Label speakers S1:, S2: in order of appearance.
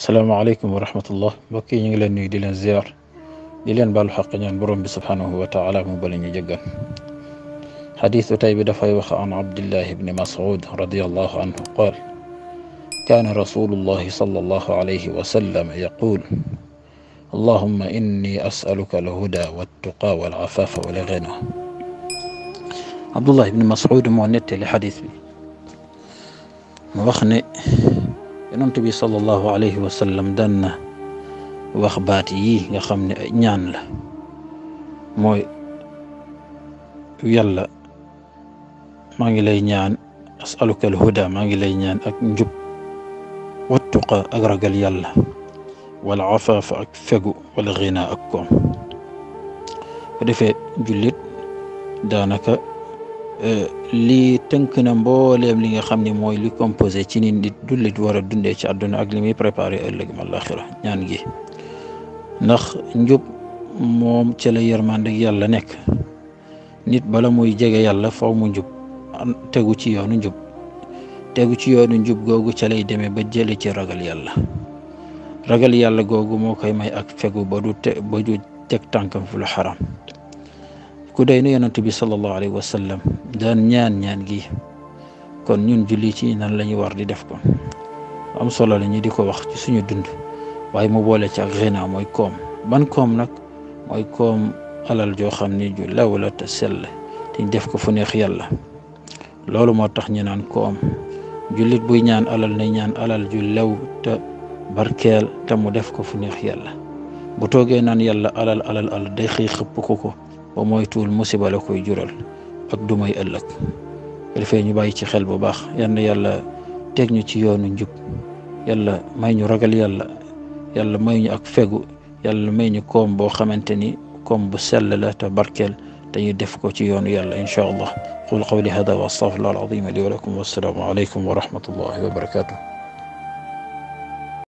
S1: السلام عليكم ورحمة الله بكي ينجلن يدلن زيار دلن بالحق ين برم سبحانه وتعالى مبلن يجد حديث تايب دفاي وخ عن عبد الله بن مسعود رضي الله عنه قال كان رسول الله صلى الله عليه وسلم يقول اللهم إني أسألك الهدى والتقى والعفاف والغنى عبد الله بن مسعود مونت لحديث مبخني yonent bi sallallahu alayhi wa sallam na wax yi nga xam ne ay ñaan la mooy yàlla maa ngi lay ñaan asaluka al huda maa ngi lay ñaan ak njub wattuqa ak ragal yàlla wala afaafa ak fegu wala xina ak koom bu defee jullit daanaka Euh, lii tënk na mbooleem li nga xam ni mooy li composé ci ni di dullit war a dundee ci àdduna ak li muy préparer ëllëg ma laaxira ñaan gi ndax njub moom ci la yërmande yàlla nekk nit bala muy jege yàlla faw mu njub tegu ci yoonu njub tegu ci yoonu njub googu ca lay demee ba jële ci ragal yàlla ragal yàlla googu moo koy may ak fegu ba du teg tànkam fu lu xaram ku doy nu yonent bi sallallahu alayhi wa sallam daan ñaan ñaan gi kon ñun julli ci nan la war di def ko am solo la di ko wax suñu dund waaye mu boole ci ak mooy koom ban koom nag mooy koom alal joo xam ni ju law la te sell te def ko fu neex yàlla loolu moo tax ñu naan koom jullit buy ñaan alal na ñaan alal ju lew te barkeel te mu def ko fu neex yàlla bu toogee naan yàlla alal alal alal xëy xëpp ko ko ومويتو المصيبة لكو يجرل أقدم أي ألك الفين يباي تخل بباخ يان يعني يلا تجني تيون نجوب يلا ما ينو رجل يلا يلا ما ينو أكفجو يلا ما ينو كوم بو خمنتني كوم بسلة لا تبركل تيجي دفكو تيون يلا إن شاء الله قول قولي هذا وأستغفر الله العظيم لي ولكم والسلام عليكم ورحمة الله وبركاته